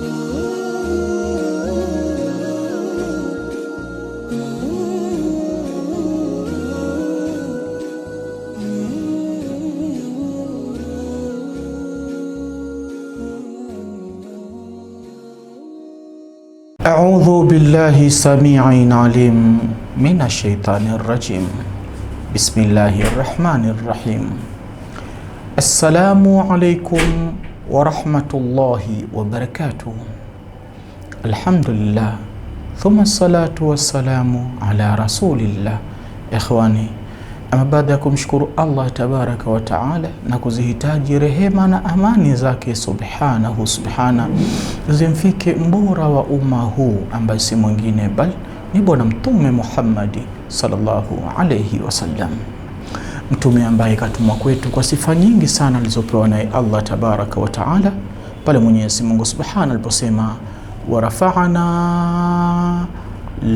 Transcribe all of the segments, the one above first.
أعوذ بالله سميع عليم من الشيطان الرجيم بسم الله الرحمن الرحيم السلام عليكم wa rahmatullahi wa barakatuh. Alhamdulillah thumma salatu wassalamu ala rasulillah. Ikhwani, ama baada ya kumshukuru Allah tabaraka wa taala na kuzihitaji rehema na amani zake subhanahu subhana zimfike mbora wa umma huu ambaye si mwingine bali ni Bwana Mtume Muhammadi sallallahu alayhi wasallam mtume ambaye katumwa kwetu kwa sifa nyingi sana alizopewa naye Allah tabaraka wa taala, pale Mwenyezi Mungu subhana aliposema warafa'na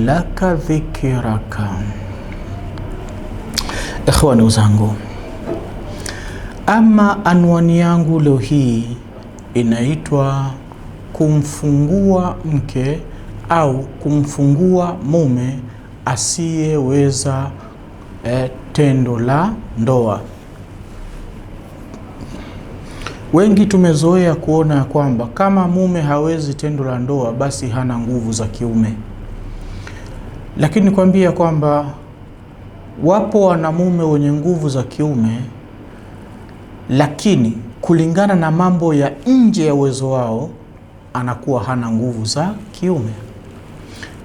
laka dhikraka. Ikhwani zangu, ama anwani yangu leo hii inaitwa kumfungua mke au kumfungua mume asiyeweza eh, tendo la ndoa. Wengi tumezoea kuona ya kwamba kama mume hawezi tendo la ndoa, basi hana nguvu za kiume, lakini nikwambia kwamba wapo wanamume wenye nguvu za kiume, lakini kulingana na mambo ya nje ya uwezo wao anakuwa hana nguvu za kiume,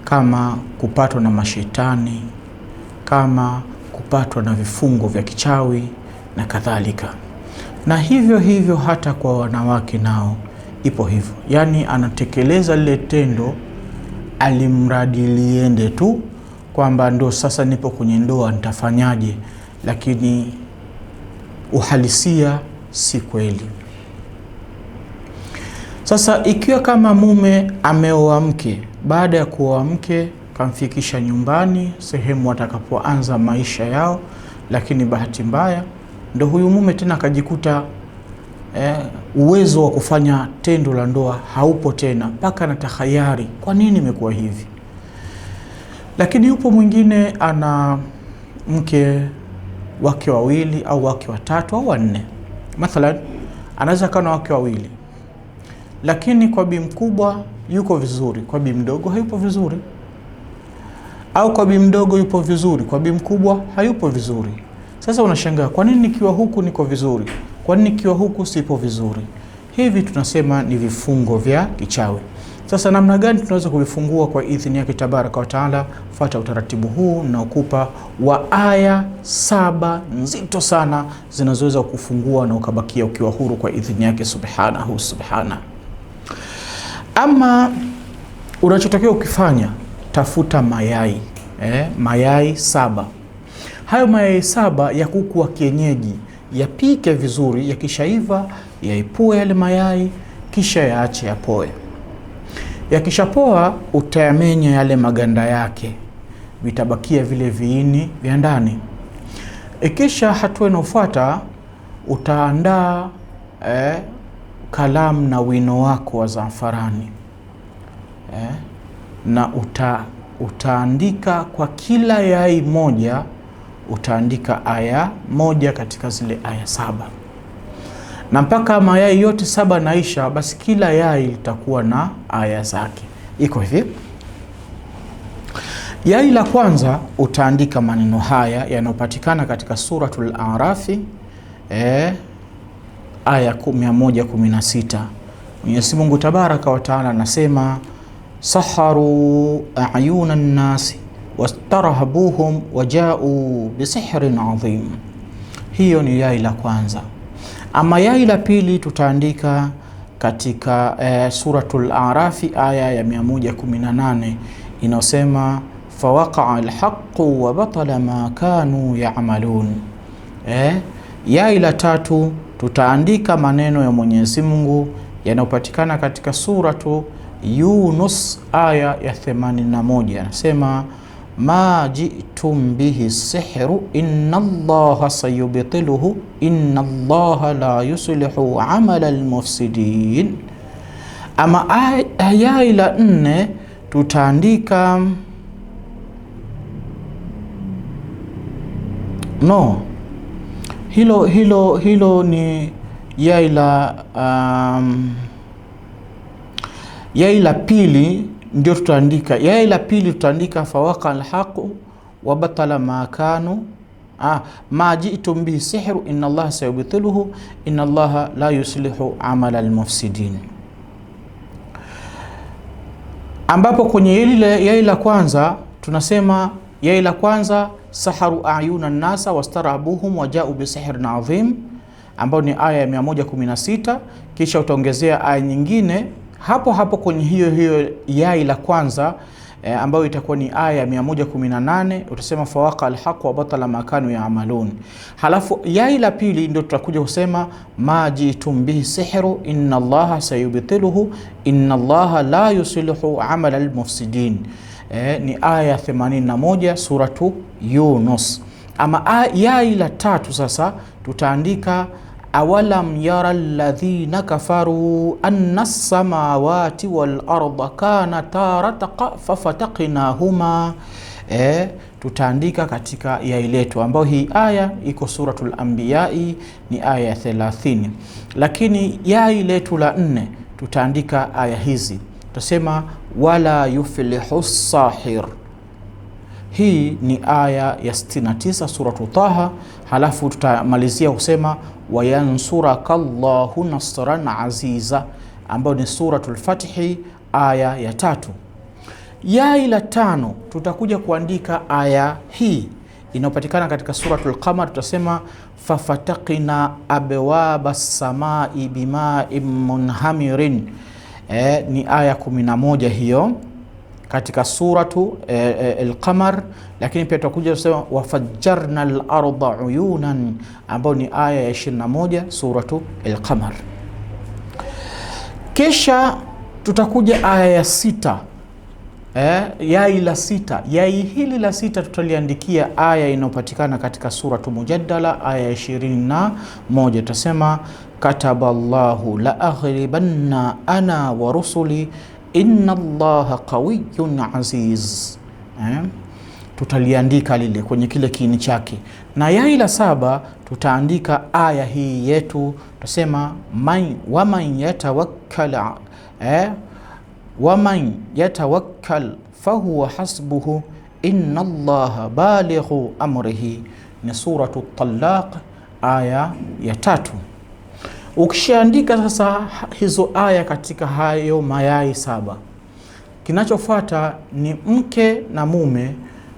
kama kupatwa na mashetani, kama kupatwa na vifungo vya kichawi na kadhalika. Na hivyo hivyo hata kwa wanawake nao ipo hivyo, yaani anatekeleza lile tendo alimradi liende tu, kwamba ndo sasa nipo kwenye ndoa nitafanyaje, lakini uhalisia si kweli. Sasa ikiwa kama mume ameoa mke, baada ya kuoa mke wakamfikisha nyumbani, sehemu watakapoanza maisha yao. Lakini bahati mbaya ndo huyu mume tena akajikuta eh, uwezo wa kufanya tendo la ndoa haupo tena, mpaka na tahayari, kwa nini imekuwa hivi? Lakini yupo mwingine ana mke wake wawili au wake watatu au wanne, mathalan anaweza akawa na wake wawili, lakini kwa bi mkubwa yuko vizuri, kwa bi mdogo hayupo vizuri au kwa bi mdogo yupo vizuri, kwa bi mkubwa hayupo vizuri. Sasa unashangaa kwa nini nikiwa huku niko vizuri, kwa nini nikiwa huku sipo vizuri? Hivi tunasema ni vifungo vya kichawi. Sasa namna gani tunaweza kuvifungua kwa idhini yake tabaraka wa taala? Fuata utaratibu huu naokupa wa aya saba nzito sana zinazoweza kufungua na ukabakia ukiwa huru kwa idhini yake subhanahu subhana. Ama unachotakiwa ukifanya tafuta mayai eh, mayai saba. Hayo mayai saba ya kuku wa kienyeji yapike vizuri, yakishaiva yaipue yale mayai, kisha yaache yapoe. Yakishapoa utayamenya yale maganda yake, vitabakia vile viini vya ndani. Ikisha hatua inaofuata utaandaa eh, kalamu na wino wako wa zamfarani eh na uta, utaandika kwa kila yai moja utaandika aya moja katika zile aya saba, na mpaka mayai yote saba naisha, basi kila yai litakuwa na aya zake. Iko hivi: yai la kwanza utaandika maneno haya yanayopatikana katika Suratul Arafi eh, aya 116. Mwenyezi Mungu Tabaraka wa Taala anasema saharu ayuna nnasi wastarhabuhum wajau bisihrin adhim. Hiyo ni yai la kwanza. Ama yai la pili tutaandika katika e, Suratul Arafi aya ya 118 inayosema fawaqaa alhaqu wa batala ma kanu ya'malun. Eh, yai la tatu tutaandika maneno ya Mwenyezi Mungu yanayopatikana katika suratu Yunus aya ya 81 anasema ma jitum bihi sihru inna allaha sayubtiluhu inna allaha la yuslihu amala almufsidin. Ama aya ila nne tutaandika no, hilo hilo hilo ni yai um, Yai la pili ndio tutaandika, yai la pili tutaandika fawaqa alhaqu wa batala ma kanu ah, ma jitum bihi sihru inna allaha sayubtiluhu inna allaha la yuslihu amala almufsidin, ambapo kwenye ile yai la kwanza tunasema yai la kwanza saharu ayuna nasa wastarabuhum wajau bisihrin adhim, ambayo ni aya ya 116 kisha utaongezea aya nyingine hapo hapo kwenye hiyo hiyo yai la kwanza e, ambayo itakuwa ni aya ya 118 utasema fawaka alhaq wa batala ma kanu yaamalun. Halafu yai la pili ndio tutakuja kusema jitum bihi sihru inna allaha sayubtiluhu inna allaha la yuslihu amal almufsidin. E, ni aya 81 suratu Yunus. Ama yai la tatu sasa tutaandika awalam yara alladhina kafaru anna samawati wal arda kanata ratqa fafataqnahuma. Eh, tutaandika katika yai letu, ambayo hii aya iko Suratul Anbiyai ni aya ya 30, lakini yai letu la nne tutaandika aya hizi, tutasema wala yuflihu sahir. Hii ni aya ya 69 Suratu Taha, halafu tutamalizia kusema wayansuraka llahu nasran aziza, ambayo ni Suratul Fatihi aya ya tatu. Yai la tano tutakuja kuandika aya hii inayopatikana katika Suratul Qamar, tutasema fafatakina abwaba samai bimain munhamirin. E, ni aya 11 hiyo katika suratu eh, eh, Alqamar e, e, lakini pia tutakuja kusema wafajjarna al uyunan ambayo ni aya ya 21 suratu Alqamar. Kisha tutakuja aya ya sita e, yai la sita. Yai hili la sita tutaliandikia aya inayopatikana katika suratu Mujadala aya ya 21, tutasema kataballahu la aghlibanna ana wa rusuli inna Allaha qawiyyun aziz eh? tutaliandika lile kwenye kile kiini chake, na yai la saba tutaandika aya hii yetu, tutasema waman yatawakkal eh? waman yatawakkal fahuwa hasbuhu inna Allaha balighu amrihi, ni Suratu Talaq aya ya tatu. Ukishaandika sasa hizo aya katika hayo mayai saba, kinachofuata ni mke na mume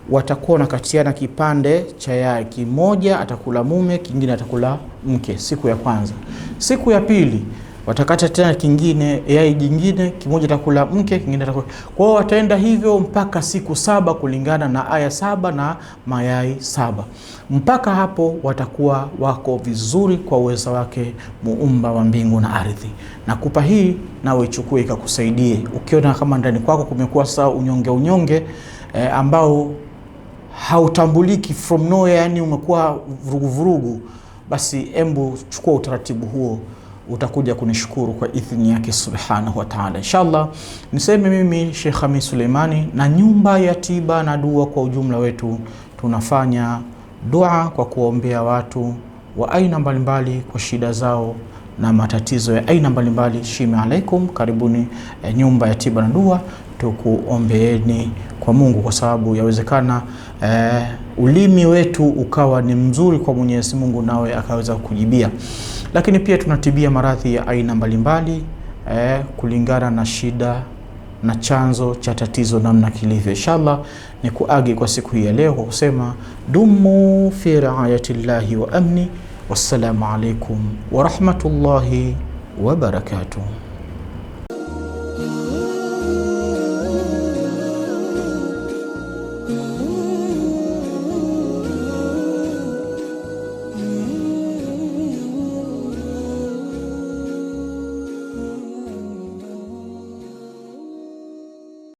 watakuwa wanakatiana kipande cha yai kimoja, atakula mume, kingine atakula mke, siku ya kwanza. Siku ya pili watakata tena kingine yai jingine kimoja takula mke kingine takula. Kwa hiyo wataenda hivyo mpaka siku saba kulingana na aya saba na mayai saba. Mpaka hapo watakuwa wako vizuri kwa uweza wake muumba wa mbingu na ardhi. na kupa hii nawe ichukue ikakusaidie, ukiona kama ndani kwako kumekuwa saa unyonge unyonge e, ambao hautambuliki from nowhere, yani umekuwa vuruguvurugu, basi embu chukua utaratibu huo utakuja kunishukuru kwa idhini yake subhanahu wa ta'ala. Inshallah, niseme mimi Sheikh Hamis Suleimani na nyumba ya tiba na dua kwa ujumla wetu tunafanya dua kwa kuwaombea watu wa aina mbalimbali kwa shida zao na matatizo ya aina mbalimbali. Shimi alaikum, karibuni eh, nyumba ya tiba na dua, tukuombeeni kwa Mungu kwa sababu yawezekana eh, ulimi wetu ukawa ni mzuri kwa Mwenyezi Mungu nawe akaweza kukujibia lakini pia tunatibia maradhi ya aina mbalimbali eh, kulingana na shida na chanzo cha tatizo namna kilivyo. Inshallah ni kuagi kwa siku hii ya leo kwa kusema dumu fi riayatillahi wa amni. Wassalamu alaikum wa rahmatullahi wa barakatuh.